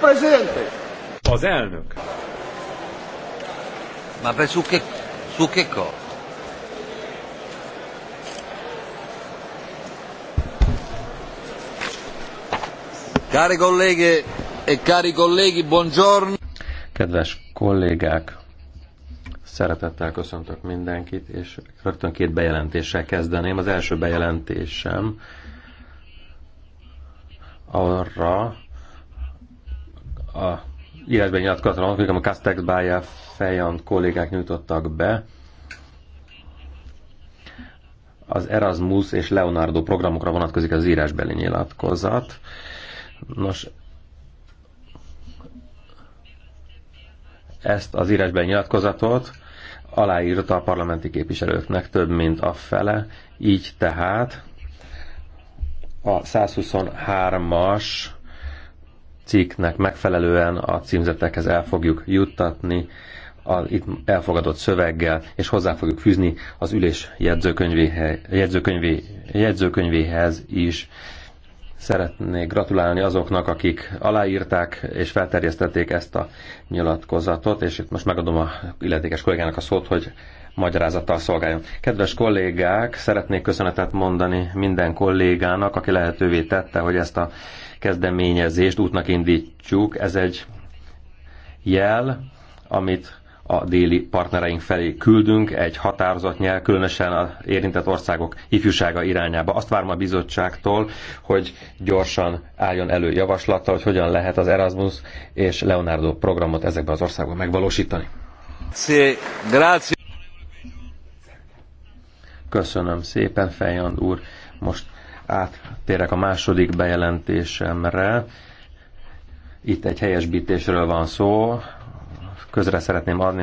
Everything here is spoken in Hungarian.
presidente. Az elnök. Ma per su che, su che cosa? Care colleghe e cari colleghi, buongiorno. Kedves kollégák, szeretettel köszöntök mindenkit, és rögtön két bejelentéssel kezdeném. Az első bejelentésem arra a írásban nyilatkozatra vonatkozik, a Castex Bája fejan kollégák nyújtottak be. Az Erasmus és Leonardo programokra vonatkozik az írásbeli nyilatkozat. Nos, ezt az írásbeli nyilatkozatot aláírta a parlamenti képviselőknek több mint a fele, így tehát a 123-as cikknek megfelelően a címzetekhez el fogjuk juttatni a itt elfogadott szöveggel, és hozzá fogjuk fűzni az ülés jegyzőkönyvéhez, jegyzőkönyvé, jegyzőkönyvéhez is. Szeretnék gratulálni azoknak, akik aláírták és felterjesztették ezt a nyilatkozatot, és itt most megadom a illetékes kollégának a szót, hogy magyarázattal szolgáljon. Kedves kollégák, szeretnék köszönetet mondani minden kollégának, aki lehetővé tette, hogy ezt a kezdeményezést útnak indítsuk. Ez egy jel, amit a déli partnereink felé küldünk egy határozott nyel, különösen az érintett országok ifjúsága irányába. Azt várom a bizottságtól, hogy gyorsan álljon elő javaslata, hogy hogyan lehet az Erasmus és Leonardo programot ezekben az országokban megvalósítani. Grazie. Köszönöm szépen, Fejand úr. Most áttérek a második bejelentésemre. Itt egy helyesbítésről van szó. Közre szeretném adni